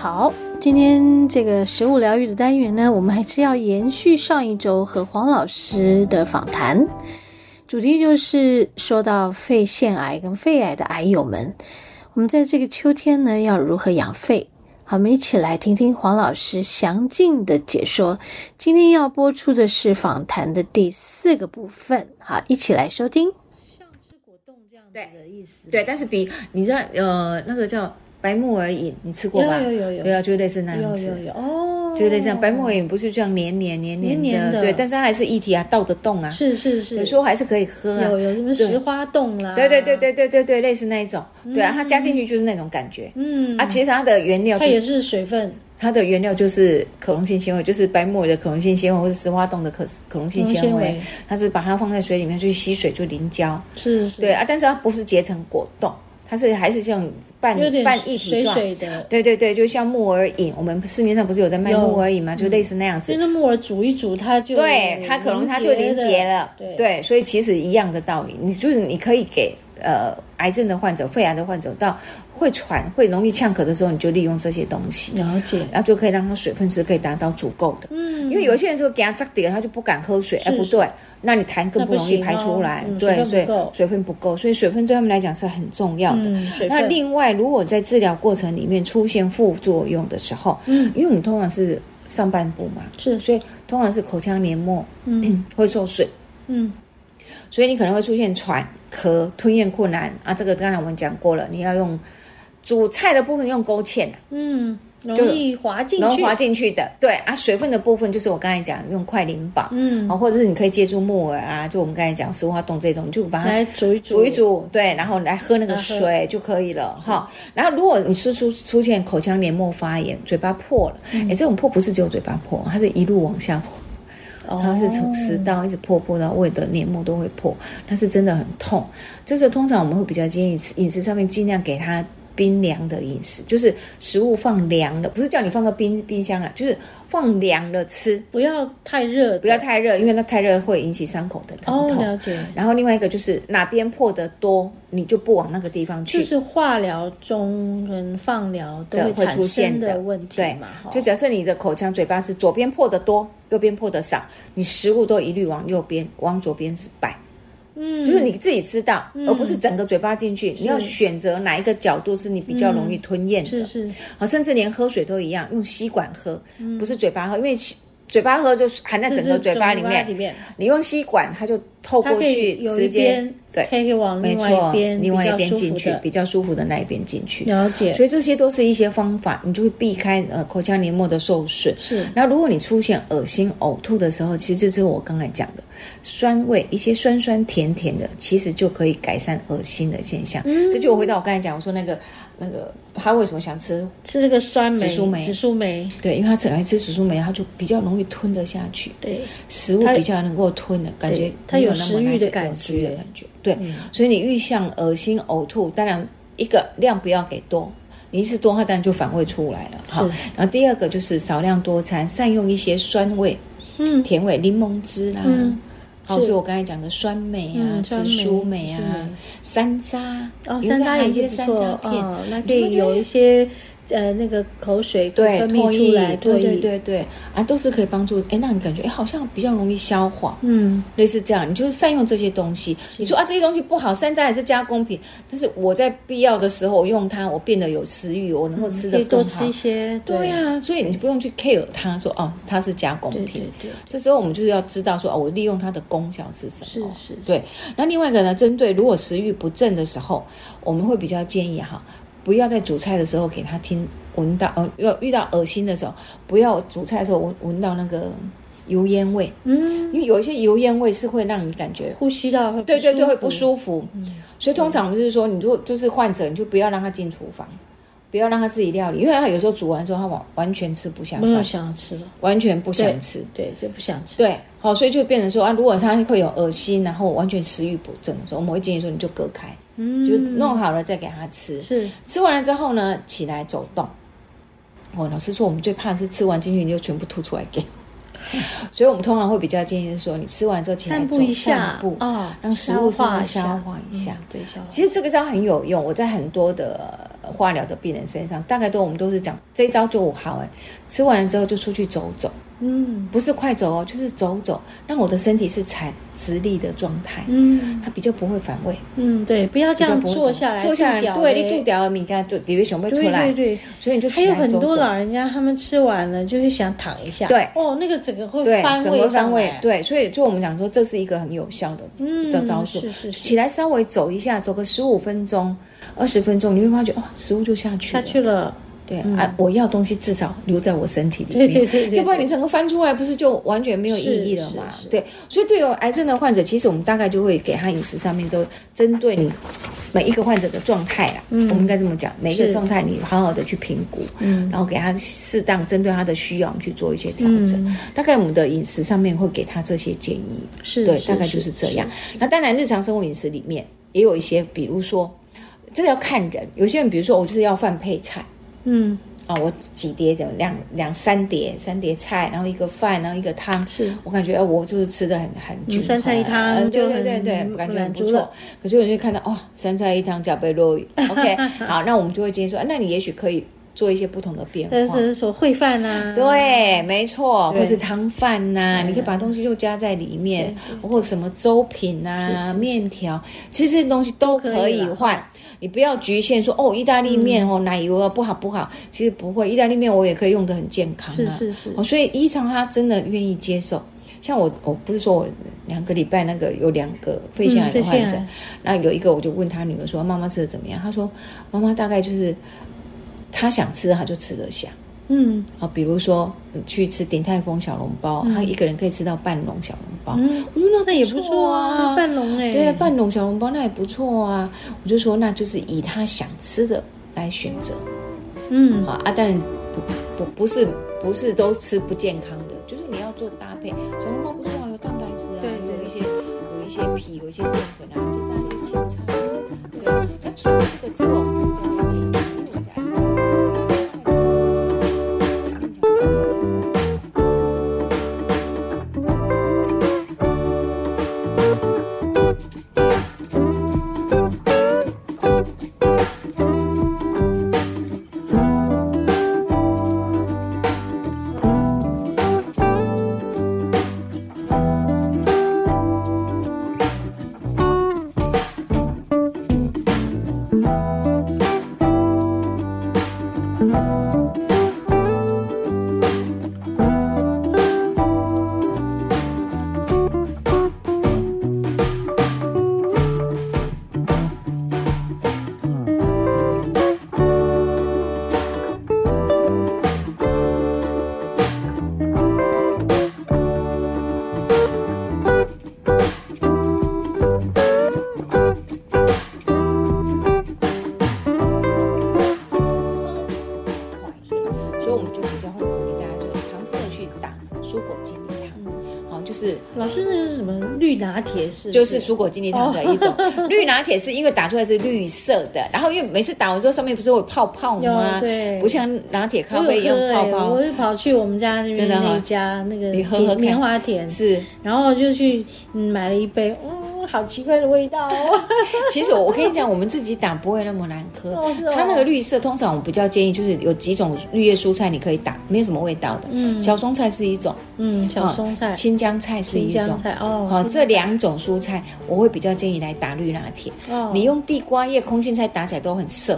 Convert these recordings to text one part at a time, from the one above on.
好，今天這個食物療癒的單元呢，我們還是要延續上一周和黃老師的訪談，主題就是說到肺腺癌跟肺癌的癌友們，我們在這個秋天呢，要如何養肺？好，我們一起來聽聽黃老師詳盡的解說。今天要播出的是訪談的第四個部分，好，一起來收聽。像吃果凍這樣的意思，對，但是比你知道，呃，那個叫。白木耳飲你吃過吧？對啊，就類似那樣子。哦，就類似這樣。白木耳飲不是像黏黏黏黏的，對，但是它還是液體啊，倒得動啊。是是是，有時候還是可以喝啊。有有什麼石花凍啦？對對對對對對對，類似那一種。對啊，它加進去就是那種感覺。嗯啊，其實它的原料它也是水分，它的原料就是可溶性纖維，就是白木耳的可溶性纖維，或者石花凍的可可溶性纖維。它是把它放在水裡面，去吸水就凝膠。是是。對啊，但是它不是結成果凍，它是還是像。半半液體狀，對對對，就像木耳飲，我們市面上不是有在賣木耳飲嘛？就類似那樣子。真的木耳煮一煮，它就對它可能它就凝結了，對，所以其實一樣的道理，你就是你可以給呃癌症的患者、肺癌的患者，到會喘、會容易嗆咳的時候，你就利用這些東西，了解，然後就可以讓它水分是可以達到足夠的，嗯，因為有些人說給他扎底了，他就不敢喝水，哎，不對，那你痰更不容易排出來，對，所以水分不夠，所以水分對他們來講是很重要的。那另外。如果在治療過程裡面出現副作用的時候，嗯，因為我們通常是上半部嘛，是，所以通常是口腔黏膜，嗯，嗯，會受損，嗯，所以你可能會出現喘、咳、吞嚥困難啊。這個剛才我們講過了，你要用煮菜的部分用勾芡啊，嗯。就容易滑進去，滑進去的，對啊，水分的部分就是我剛才講用快淋寶，嗯，啊，或者是你可以借助木耳啊，就我們剛才講石花凍這種，你就把它煮一煮，煮一煮，對，然後來喝那個水就可以了，哈喝。哦、然後如果你是出出現口腔黏膜發炎，嘴巴破了，哎、嗯欸，這種破不是只有嘴巴破，它是一路往下，它是從食道一直破破到胃的黏膜都會破，它是真的很痛。這時候通常我們會比較建議飲食上面盡量給它。冰涼的飲食，就是食物放涼了，不是叫你放到冰冰箱啊，就是放涼了吃，不要太熱的，不要太熱，不要太熱，因為那太熱會引起傷口的疼痛。哦，oh, 了解。然後另外一個就是哪邊破的多，你就不往那個地方去。就是化療中跟放療都會產生的，會出現的問題嘛？就假設你的口腔嘴巴是左邊破的多，右邊破的少，你食物都一律往右邊，往左邊是擺。嗯，就是你自己知道，嗯，而不是整個嘴巴進去。是，你要選擇哪一個角度是你比較容易吞嚥的。是是，甚至連喝水都一樣，用吸管喝，嗯，不是嘴巴喝，因為嘴巴喝就是含在整個嘴巴裡面。裡面，你用吸管，它就。透過去直接對，可以往另外一邊，另外一邊進去，比較舒服的那一邊進去。了解，所以這些都是一些方法，你就會避開呃口腔黏膜的受損。是。然後如果你出現惡心嘔吐的時候，其實這是我剛才講的酸味，一些酸酸甜甜的，其實就可以改善惡心的現象。這就回到我剛才講，我說那個那個他為什麼想吃吃這個酸梅？紫蘇梅。紫蘇梅。對，因為他整來吃紫蘇梅，他就比較容易吞得下去。對，食物比較能夠吞的感覺，他有。食慾的感覺，對，所以你預想噁心嘔吐，當然一個量不要給多，你一次多的話，當然就反胃出來了，好。然後第二個就是少量多餐，善用一些酸味，甜味，檸檬汁啦，好，所以我剛才講的酸梅啊，紫蘇梅啊，山楂，山楂有一些山楂片，哦，那對有一些。呃，那個口水分泌對益出來，益對對對對啊，都是可以幫助。誒，讓你感覺誒好像比較容易消化。嗯，類似這樣，你就是善用這些東西。是你說啊，這些東西不好，山楂還是加工品，但是我在必要的時候用它，我變得有食欲，我能夠吃得更好。嗯、可以多吃一些，對呀、啊。所以你不用去 care 它，說哦，它是加工品。對對,對,對。這時候我們就是要知道說哦、啊，我利用它的功效是什麼？是,是是。對。那另外一個呢，針對如果食欲不振的時候，我們會比較建議哈。不要在煮菜的時候給他聽，聞到呃，要遇到噁心的時候，不要煮菜的時候聞聞到那個油煙味。嗯，因為有一些油煙味是會讓你感覺呼吸道，對對對，會不舒服。嗯，所以通常就是說，對你如果就是患者，你就不要讓他進廚房，不要讓他自己料理，因為他有時候煮完之後，他完完全吃不下，沒有想吃了，完全不想吃對，對，就不想吃。對，好，所以就變成說啊，如果他會有噁心，然後完全食欲不振的時候，我們會建議說你就隔開。嗯，就弄好了再給他吃。嗯，是。吃完了之後呢，起來走動。哦，老師說，我們最怕的是吃完進去你就全部吐出來給。 所以我們通常會比較建議是說，你吃完之後起來走一下步啊，讓食物消化、消化一下。步對下，其實這個招很有用。我在很多的化療的病人身上，大概都我們都是講這一招就好。哎，吃完了之後就出去走走。嗯，不是快走哦，就是走走，讓我的身體是踩直立的狀態。嗯，它比較不會反胃。嗯，對，不要這樣坐下來，坐下來，對你肚屌的米干對，脾胃就會出來。對對，所以你就起來走走。還有很多老人家他們吃完了就是想躺一下。對。哦，那個整個會翻胃。整個翻胃。對，所以就我們講說，這是一個很有效的嗯，招數。是是。起來稍微走一下，走個十五分鐘、二十分鐘，你會發覺哦，食物就下去了下去了。對、嗯、啊，我要東西至少留在我身體裡面，對對對，對對對，要不然你整個翻出來不是就完全沒有意義了嘛？對，所以對於癌症的患者，其實我們大概就會給他飲食上面都針對你每一個患者的狀態啊，嗯、我們應該這麼講，每一個狀態你好好的去評估，嗯，然後給他適當針對他的需要，去做一些調整。嗯、大概我們的飲食上面會給他這些建議，是對，大概就是這樣。那當然日常生活飲食裡面也有一些，比如說真的要看人，有些人比如說我就是要飯配菜。嗯啊，我幾碟，兩兩三碟，三碟菜，然後一個飯，然後一個湯。是，我感覺我就是吃的很很均衡，三菜一湯，對對對對，感覺很不錯。可是我就看到哦，三菜一湯腳被落。OK，好，那我們就會建議說，那你也許可以做一些不同的變化，但是說燴飯啊，對，沒錯，或是湯飯吶，你可以把東西又加在裡面，或什麼粥品啊、麵條，其實這些東西都可以換。你不要局限說哦，意大利麵哦，奶油啊不好不好，其實不會，意大利麵我也可以用得很健康的，啊，是是是。哦，所以一嘗他真的願意接受，像我，我不是說我兩個禮拜那個有兩個肺腺癌的患者，那、嗯啊、有一個我就問他女兒說媽媽吃的怎麼樣，他說媽媽大概就是他想吃他就吃得下。嗯，好，比如說去吃鼎泰豐小籠包，他、嗯啊、一個人可以吃到半籠小籠包。嗯，我說那、啊、那也不錯啊，半籠哎、欸。對啊，半籠小籠包那也不錯啊。我就說那就是以他想吃的來選擇。嗯，好啊，但不不不，不是不是都吃不健康的，就是你要做搭配。小籠包不錯，要有蛋白質啊，對有一些有一些皮，有一些澱粉啊，加上一些青菜。對就是蔬果精力湯的一種，綠拿鐵是因為打出來是綠色的，然後因為每次打完之後上面不是會有泡泡嗎？對，不像拿鐵咖啡有泡泡。我就跑去我們家那邊那一家那個棉花田，是，然後就去買了一杯。好奇怪的味道哦！ 其實我跟你講，我們自己打不會那麼難喝。它那個綠色，通常我比較建議就是有幾種綠葉蔬菜你可以打，沒有什麼味道的。嗯，小松菜是一種。嗯、嗯，小松菜。嗯、青江菜是一種。哦。嗯、菜菜這兩種蔬菜我會比較建議來打綠拿鐵。哦。你用地瓜葉、空心菜打起來都很澀。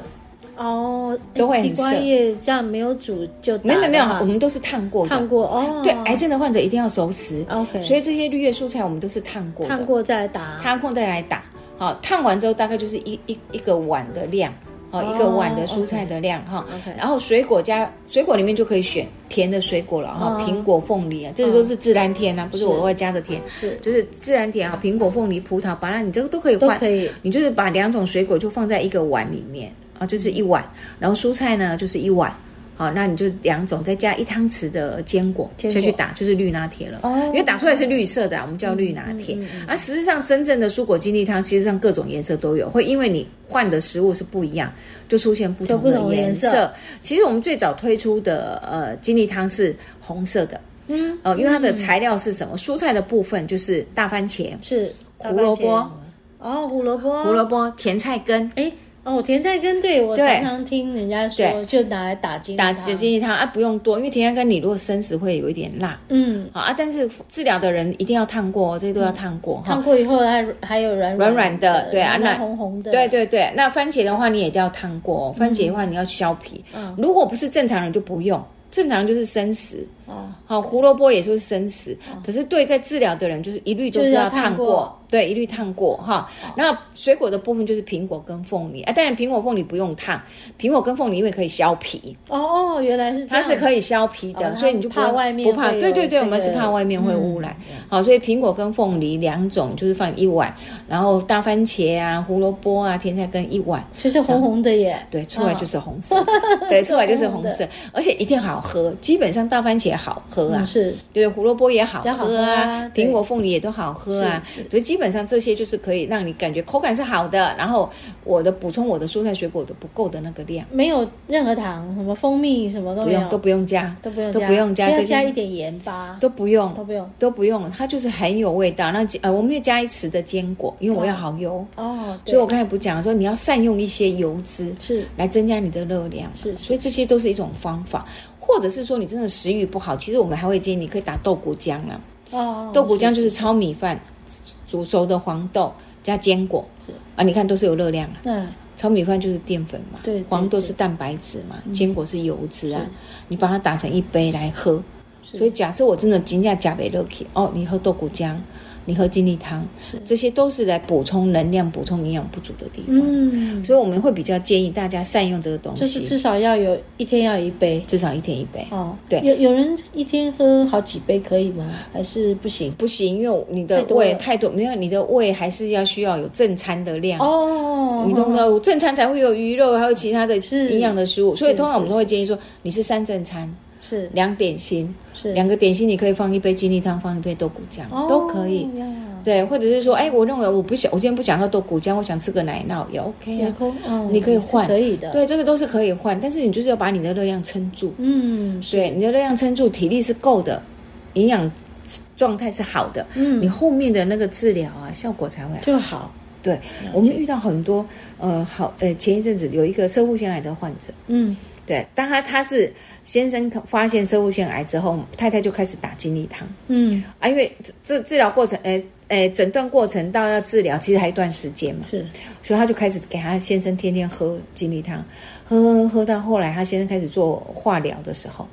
哦，都會很澀。這樣沒有煮就打？沒有沒有，我們都是燙過的。燙過哦。對，癌症的患者一定要熟食。OK。所以這些綠葉蔬菜我們都是燙過的。燙過再來打。燙過再來打。好，燙完之後大概就是一一一個碗的量，哦，一個碗的蔬菜的量哈。OK。然後水果加水果裡面就可以選甜的水果了哈，蘋果、鳳梨啊，這些都是自然甜啊，不是我外加的甜。是。就是自然甜啊，蘋果、鳳梨、葡萄、芭樂，你這個都可以換。可以。你就是把兩種水果就放在一個碗裡面。就是一碗，然後蔬菜呢就是一碗，好，那你就兩種再加一湯匙的堅果，堅果下去打，就是綠拿鐵了。哦，oh, okay. 因為打出來是綠色的，我們叫綠拿鐵。而、嗯嗯嗯啊，實際上，真正的蔬果精力湯，其實上各種顏色都有，會因為你換的食物是不一樣，就出現不同的顏色。其，顏色其實我們最早推出的呃精力湯是紅色的，嗯、呃，因為它的材料是什麼？嗯、蔬菜的部分就是大番茄，是茄胡蘿蔔，哦、oh, 胡蘿蔔胡蘿蔔甜菜根，誒哦，甜菜根，對，我經常，常聽人家說，對就拿來打精力湯，打精力湯啊，不用多，因為甜菜根你如果生食會有一點辣。嗯，好啊，但是治療的人一定要燙過，這些都要燙過哈。嗯哦、燙過以後還還有軟軟，的軟軟的，對啊，軟軟紅紅的，對對對，對。那番茄的話你也一定要燙過，嗯、番茄的話你要削皮。嗯，如果不是正常人就不用，正常人就是生食。好胡蘿蔔也說是生食，可是對在治療的人就是一律都是要燙過，對，一律燙過哈。然後水果的部分就是蘋果跟鳳梨，啊，當然蘋果鳳梨不用燙，蘋果跟鳳梨因為可以削皮。哦哦，原來是這樣，它是可以削皮的，所以你就怕外面，不怕。對對對，我們是怕外面會污染。好，所以蘋果跟鳳梨兩種就是放一碗，然後大番茄啊、胡蘿蔔啊、甜菜根一碗，就是紅紅的耶。對，出來就是紅色，對，出來就是紅色，而且一定好喝。基本上大番茄。好喝啊，是，對，胡蘿蔔也好喝啊，蘋果、鳳梨也都好喝啊，所以基本上這些就是可以讓你感覺口感是好的。然後我的補充我的蔬菜水果都不夠的那個量，沒有任何糖，什麼蜂蜜什麼都沒有，都不用加，都不用加，加一點鹽巴，都不用都不用都不用，它就是很有味道。那呃，我們要加一匙的堅果，因為我要好油哦。所以我剛才不講說你要善用一些油脂是來增加你的熱量是，所以這些都是一種方法。或者是說你真的食慾不好，其實我們還會建議你可以打豆穀漿啊、哦、豆穀漿就是糙米飯、是是煮熟的黃豆加堅果。是啊，你看都是有熱量啊。嗯，糙米飯就是澱粉嘛。黃豆是蛋白質嘛，嗯、堅果是油脂啊。是你把它打成一杯來喝。是所以假設我真的真正吃不下去，哦，你喝豆穀漿。你喝精力湯，這些都是來補充能量、補充營養不足的地方。嗯，所以我們會比較建議大家善用這個東西，就是至少要有一天要一杯，至少一天一杯。哦，對，有有人一天喝好幾杯可以嗎？還是不行？不行，因為你的胃太多，沒有你的胃還是要需要有正餐的量。哦，你通常正餐才會有魚肉，還有其他的營養是的食物。所以通常我們都會建議說，你是三正餐。是兩點心，是兩個點心，你可以放一杯精力湯，放一杯豆穀漿都可以，對，或者是說，哎，我認為我不想，我今天不想要豆穀漿，我想吃個奶酪也 OK 啊，你可以換，可以的，對，這個都是可以換，但是你就是要把你的熱量撐住，嗯，對，你的熱量撐住，體力是夠的，營養狀態是好的，嗯，你後面的那個治療啊，效果才會就好，對我們遇到很多呃好呃前一陣子有一個食管腺癌的患者，嗯。對，當他他是先生發現肺腺癌之後，太太就開始打精力湯。嗯，啊，因為治治治療過程，哎哎，診斷過程到要治療，其實還一段時間嘛。是，所以他就開始給他先生天天喝精力湯，喝喝喝，喝到後來他先生開始做化療的時候。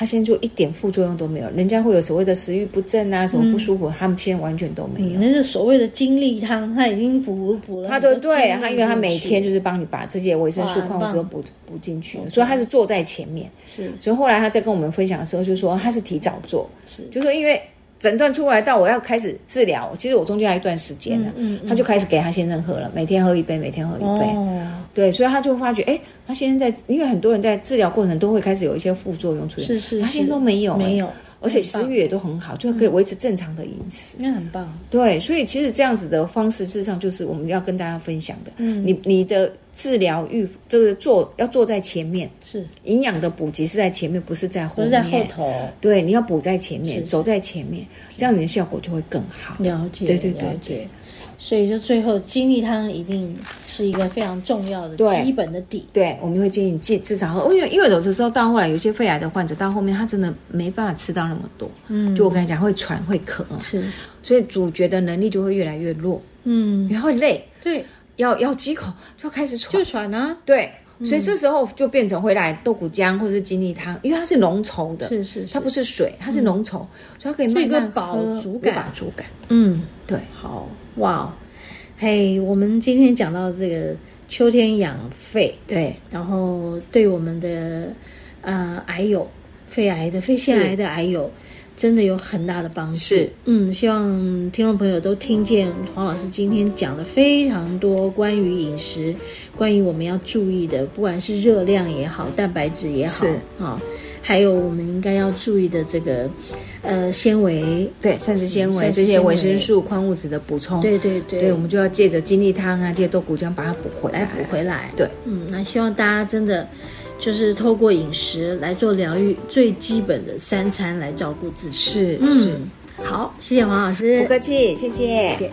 他現在就一點副作用都沒有，人家會有所謂的食欲不振啊，什麼不舒服，嗯、他們現在完全都沒有。嗯。那是所謂的精力湯，他已經補補、補、補了。他對對，他因為他每天就是幫你把這些維生素礦物質補補進去，所以他是做在前面。是，Okay. 所以後來他在跟我們分享的時候就說，他是提早做，是就是因為。診斷出來到我要開始治療，其實我中間還有一段時間呢、啊，嗯嗯、他就開始給他先生喝了，嗯、每天喝一杯，每天喝一杯，哦、對，所以他就發覺，誒他先生在，因為很多人在治療過程都會開始有一些副作用出現，是是是，他先生都沒有、欸，沒有，而且食慾也都很好，棒就可以維持正常的飲食，那、嗯、很棒。對，所以其實這樣子的方式，事實上就是我們要跟大家分享的，嗯、你你的。治療、預防就是做要做在前面，是營養的補給是在前面，不是在後面。對，你要補在前面，走在前面，這樣你的效果就會更好。了解，對對了解。所以就最後精力湯一定是一個非常重要的基本的底。對，我們會建議你至少喝，因為因為有的時候到後來有些肺癌的患者到後面他真的沒辦法吃到那麼多，嗯，就我跟你講，會喘會咳，是，所以咀嚼的能力就會越來越弱，嗯，然後累，對。要要咬幾口就開始喘，就喘啊！對，嗯、所以這時候就變成會來豆穀漿或者精力湯，因為它是濃稠的，是，是是，它不是水，它是濃稠，嗯、所以它可以慢慢喝，有飽足感。足感嗯，對，好哇，嘿、hey，我們今天講到這個秋天養肺，對，對然後對我們的呃癌友，肺癌的、肺腺癌的癌友。真的有很大的幫助。是，嗯，希望聽眾朋友都聽見黃老師今天講了非常多關於飲食，關於我們要注意的，不管是熱量也好，蛋白質也好，是啊、哦，還有我們應該要注意的這個，呃，纖維，對膳食纖維，嗯、纖維這些維生素、礦物質的補充，對對對，對，我們就要借着精力湯啊，借豆穀漿把它補回來，來補回來。對，嗯，那希望大家真的。就是透過飲食來做療癒，最基本的三餐來照顧自己。是，嗯，是，好，謝謝黃老師，不客氣，謝謝，謝謝。